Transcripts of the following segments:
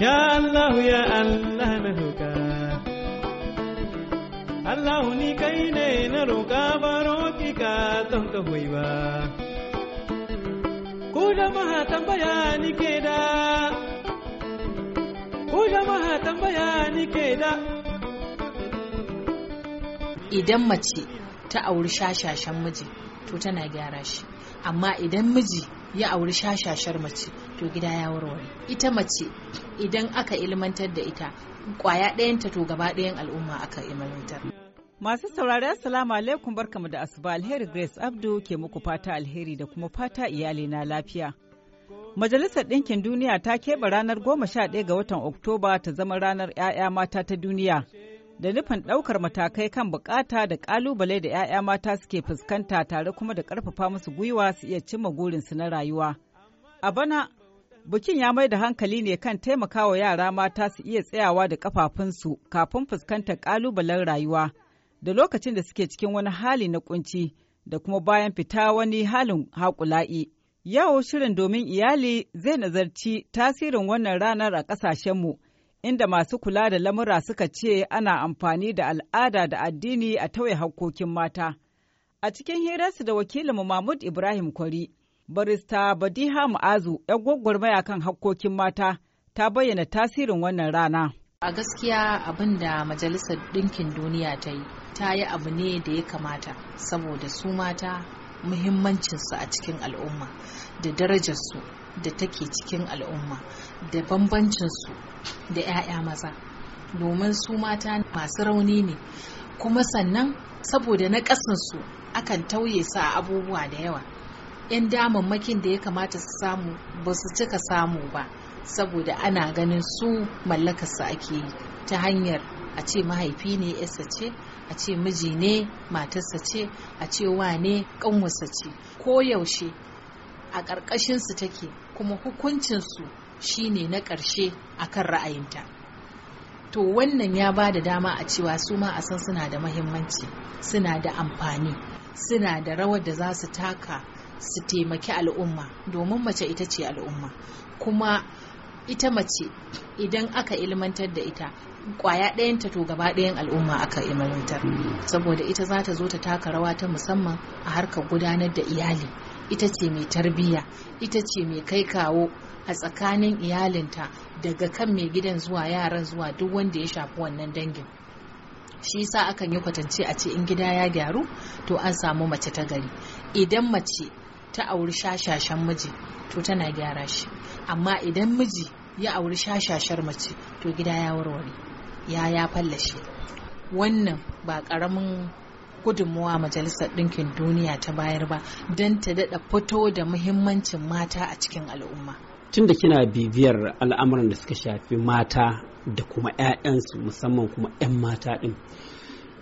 Ya Allah ya Allah na ni kai ne na roƙa ka ka Idan mace ta auri shashashen miji to tana gyara shi amma idan miji ya auri shashashar mace to gida ya warware ita mace idan aka ilmantar da ita kwaya ɗayanta to gaba ɗayan al'umma aka ilmantar Masu saurari Assalamu alaikum barkamu da asuba alheri Grace Abdu ke muku fata alheri da kuma fata iyali na lafiya. Majalisar Ɗinkin Duniya ta keɓe ranar goma sha 11 ga watan Oktoba ta zama ranar 'ya'ya mata ta duniya da nufin ɗaukar matakai kan bukata da ƙalubale da 'ya'ya mata suke fuskanta tare kuma da ƙarfafa musu gwiwa su iya cimma burinsu na rayuwa. A bana Bikin ya mai da hankali ne kan taimakawa yara mata su iya tsayawa da kafafunsu kafin fuskantar ƙalubalen rayuwa da lokacin da suke cikin wani hali na kunci da kuma bayan fita wani halin haƙula'i. Yau shirin domin iyali zai nazarci tasirin wannan ranar a ƙasashenmu, inda masu kula da lamura suka ce ana amfani da al'ada da addini a tauye hakkokin mata. A cikin hirarsu da wakilinmu Mahmud Ibrahim Kwari, barista Badiha Mu'azu, 'yan gwaggwarmaya kan hakkokin mata, ta bayyana tasirin wannan rana. A gaskiya abin da Majalisar Ɗinkin Duniya ta yi, ta yi abu ne da ya kamata, saboda su mata muhimmancinsu a cikin al'umma, da darajarsu da take cikin al'umma, da bambancinsu da 'ya'ya maza. Domin su mata masu rauni ne, kuma sannan saboda na akan tauye su a abubuwa da yawa. 'yan damammakin da ya kamata su samu ba su cika samu ba saboda ana ganin su mallakarsa ake yi ta hanyar a ce mahaifi ne yasa ce a ce miji ne matarsa ce a ce wane kanwarsa ce ko yaushe a ƙarƙashinsu take kuma hukuncinsu shi ne na ƙarshe kan ra'ayinta to wannan ya ba da dama a cewa su ma a san suna da mahimmanci suna da amfani suna da rawar da za su taka su taimaki al'umma domin mace ita ce al'umma kuma ita mace idan aka ilmantar da ita kwaya ɗayanta to gaba ɗayan al'umma aka ilmantar saboda ita za ta zo ta taka rawa ta musamman a harkar gudanar da iyali ita ce mai tarbiyya ita ce mai kai kawo a tsakanin iyalinta daga kan mai gidan zuwa yaran zuwa duk wanda ya shafi wannan dangin shi sa akan yi kwatance a ce in gida ya gyaru to an samu mace ta gari idan mace ta auri shashashen miji to tana gyara shi amma idan miji ya auri shashashar mace to gida ya warware ya ya fallashe wannan ba karamin gudunmuwa majalisar ɗinkin duniya ta bayar ba don ta daɗa fito da muhimmancin mata a cikin al'umma tun da kina bibiyar al'amuran da suka shafi mata da kuma 'ya'yansu musamman kuma 'yan mata ɗin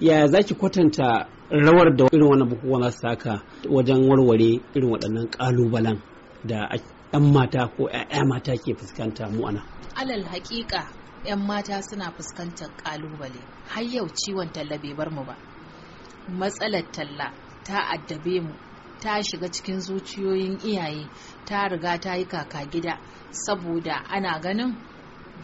ya za ki kwatanta rawar da irin wannan bukukuwa za su wajen warware irin waɗannan ƙalubalen da 'yan mata ko 'ya'ya mata ke fuskanta mu ana alal haƙiƙa 'yan mata suna fuskantar ƙalubale har yau ciwon talla bai bar mu ba matsalar talla ta addabe mu ta shiga cikin zuciyoyin iyaye ta riga ta yi kaka gida saboda ana ganin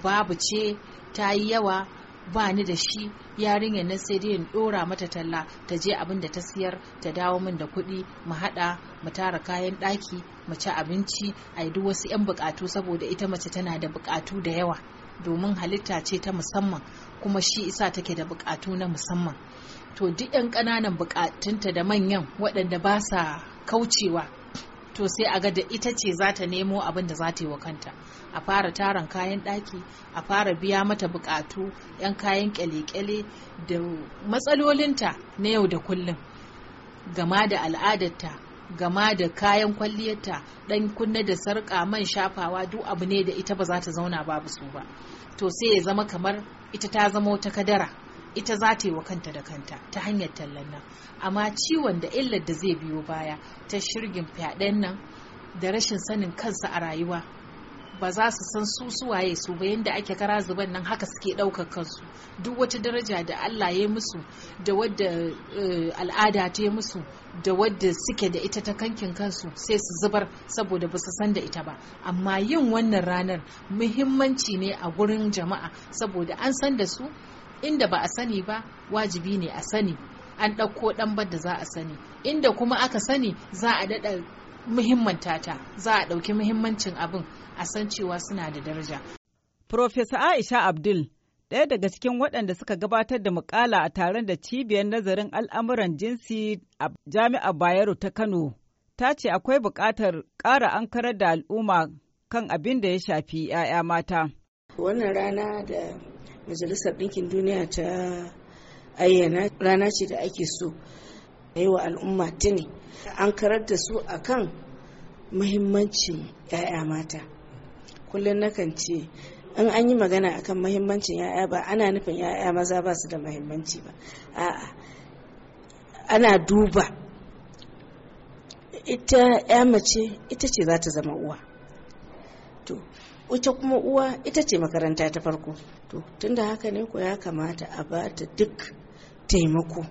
babu ce ta yi yawa ba ni da shi yarinyar na sai dai in dora mata talla ta je abin da ta siyar ta dawo min da kuɗi mu haɗa mu tara kayan ɗaki mu ci abinci a duk wasu 'yan buƙatu saboda ita mace tana da buƙatu da yawa domin halitta ce ta musamman kuma shi isa take da buƙatu na musamman to duk 'yan ƙananan buƙatunta da manyan waɗanda ba sa kaucewa to sai a ga da ita ce za ta nemo abin da za ta yi wa kanta a fara taron kayan ɗaki a fara biya mata buƙatu 'yan kayan kyale-kyale da matsalolinta na yau da kullum gama da al'adarta gama da kayan kwalliyarta ɗan kunne da sarƙa man shafawa duk abu ne da ita ba za ta zauna babu su ba to sai ya zama kamar ita ta zama wata kadara ita za ta yi wa kanta da kanta ta hanyar tallan nan amma ciwon da illar da zai biyo baya ta shirgin fyaɗen nan da rashin sanin kansa a rayuwa ba za su san su suwaye su ba yadda ake kara zuban nan haka suke ɗaukar kansu duk wata daraja da Allah ya musu da wadda eh, al'ada ta musu da wadda suke da ita ta kankin kansu sai su zubar saboda ba su san da ita ba amma yin wannan ranar muhimmanci ne a gurin jama'a saboda an san da su inda ba a sani ba wajibi ne a sani an ɗauko ɗan da za a sani inda kuma aka sani za a daɗa muhimmanta ta za a ɗauki muhimmancin abin a san cewa suna da daraja. Profesa Aisha Abdul ɗaya daga cikin waɗanda suka gabatar da mukala a taron da cibiyar nazarin al'amuran jinsi a jami'ar Bayero ta Kano ta ce akwai buƙatar ƙara ankarar da al'umma kan abin da ya shafi 'ya'ya mata. Wannan rana da Majalisar Ɗinkin Duniya ta ayyana rana ce da ake so a wa al'umma tuni an karar da su kan muhimmancin 'ya'ya mata kullum nakan ce in an yi magana akan mahimmancin 'ya'ya ba ana nufin 'ya'ya maza ba su da mahimmanci ba a'a ana duba ita 'ya mace ita ce za ta zama uwa to ita kuma uwa ita ce makaranta ta farko to tunda haka ne ko ya kamata a ba ta duk taimako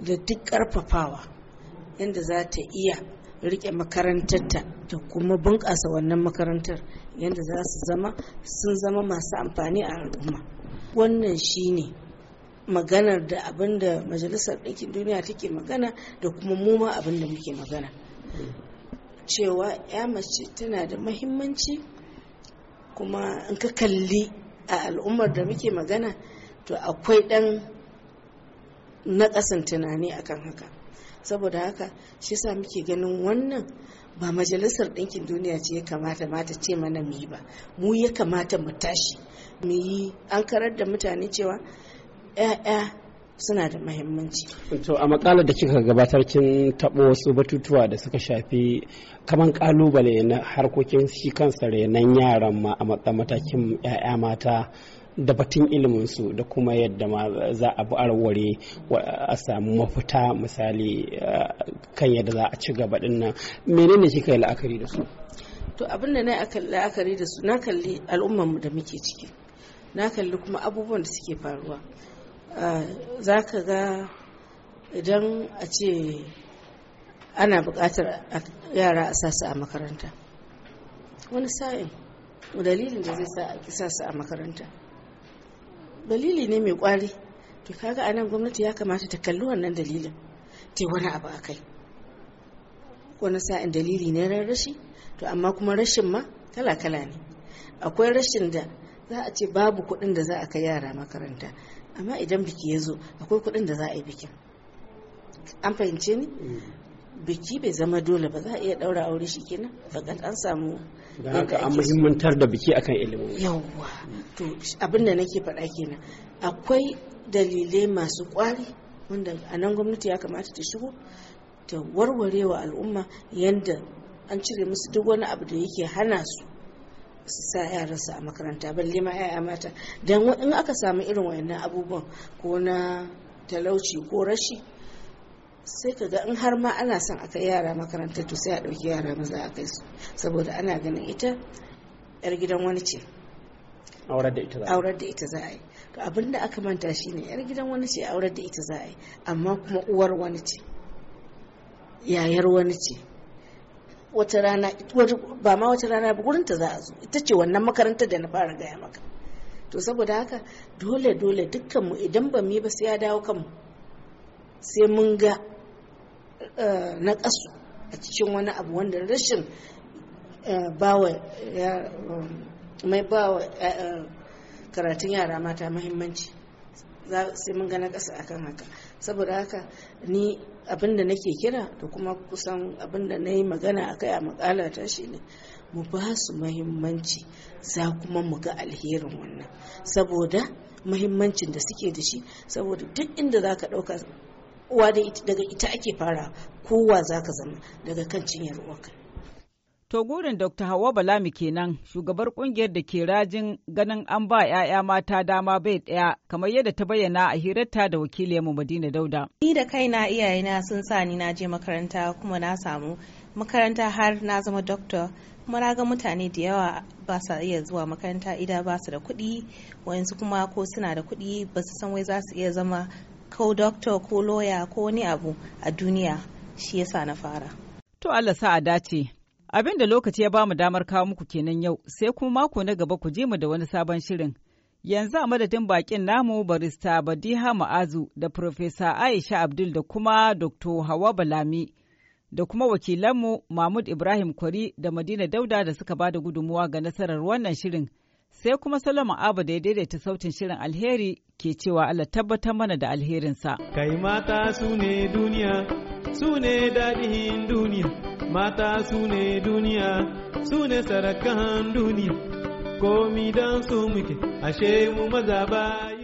da duk ƙarfafawa yadda za ta iya rike makarantarta da kuma bunƙasa wannan makarantar yadda za su zama sun zama masu amfani a al'umma wannan shi ne maganar da abin da majalisar ɗinkin duniya take magana da kuma muma abin da muke magana cewa ya mace tana da mahimmanci kuma in ka kalli a al'ummar da muke magana to akwai ɗan nakasin tunani akan haka saboda haka shi sa muke ganin wannan ba majalisar ɗinkin duniya ce ya kamata mata ce mana mu yi ba mu ya kamata mu tashi mu yi an karar da mutane cewa 'ya'ya suna da mahimmanci. To a makalar da kika gabatar kin taɓa wasu batutuwa da suka shafi kaman kalubale na harkokin shi kansa renon yaran ma a matakin 'ya'ya mata da batun iliminsu da kuma yadda ma za a arware a samu mafita misali eh, kan yadda za a ci gaba dinnan menene shi yi la'akari da su to abin da na la'akari da su na kalli al'ummarmu da muke ciki na kalli kuma abubuwan da suke faruwa eh, za ka ga idan a ce ana buƙatar yara a sasu a makaranta wani sa'in dalilin da zai sa kisa su a makaranta dalili ne mai kwari to kaga anan gwamnati ya kamata ta kalli wannan dalilin ta wani abu a kai wani sa'in dalili ne na rashi to amma kuma rashin ma kala-kala ne akwai rashin da za a ce babu kuɗin da za a kai yara makaranta amma idan biki ya zo akwai kuɗin da za a yi bikin an fahimce ni mm. biki bai zama dole ba za a iya daura aure shi kenan fakat an samu da haka an muhimmantar da biki akan ilimi. yawwa to abin da nake faɗa kenan akwai dalilai masu ƙwari wanda a nan gwamnati ya kamata ta shigo ta warwarewa al'umma yadda an cire musu duk wani abu da yake hana su su sa su a makaranta balle ma 'ya'ya mata don in aka samu irin wayannan abubuwan ko na talauci ko rashi sai ka ga in har ma ana son a kai yara makaranta to sai a ɗauki yara maza a kai su saboda ana ganin ita yar gidan wani ce aurar da ita za a yi to abin da aka manta shine yar gidan wani ce aurar da ita za a yi amma kuma uwar wani ce yayar wani ce wata rana ba ma wata rana ba gurinta za a zo ita ce wannan makarantar da na fara gaya maka to saboda haka dole dole dukkanmu idan ba mu yi ba sai ya dawo kanmu sai mun ga eh, na ƙasu a cikin wani abu wanda rashin eh, bawa mai bawa eh, karatun yara mata mahimmanci sai mun ga na ƙasa akan haka saboda haka ni abinda nake kira da kuma kusan abinda na yi magana a kai a makala ta shi ne mu ba su mahimmanci za kuma mu ga alherin wannan saboda mahimmancin da suke da shi saboda duk inda za ka ɗauka uwa ita daga ita ake fara kowa za ka zama daga kan cinyar uwarka To gurin Dr. Hawa Balami kenan shugabar kungiyar da ke rajin ganin an ba 'ya'ya mata dama bai ɗaya kamar yadda ta bayyana a hirarta da wakiliyarmu Madina Dauda. Ni da kaina iyayena sun sa ni na je makaranta kuma na samu makaranta har na zama doktor kuma na ga mutane da yawa ba sa iya zuwa makaranta idan ba su da kuɗi wayansu kuma ko suna da kuɗi ba su san wai za su iya zama ko doctor ko lawyer ko wani abu a duniya shi yasa na fara. To Allah sa a dace. Abin da lokaci ya bamu damar kawo muku kenan yau sai kuma mako na gaba ku je mu da wani sabon shirin. Yanzu a madadin bakin namu barista Badiha Ma'azu da Profesa Aisha Abdul da kuma Dr. Hawa Balami da kuma wakilanmu Mahmud Ibrahim Kwari da Madina Dauda da suka ba da gudunmuwa ga nasarar wannan shirin. sai kuma Solomon Abu da ya daidaita sautin shirin alheri ke cewa Allah tabbatar mana da alherinsa. Kai mata su ne duniya, su ne daɗin duniya, mata su ne duniya, su ne sarakan duniya, komi don su muke, ashe mu maza baya.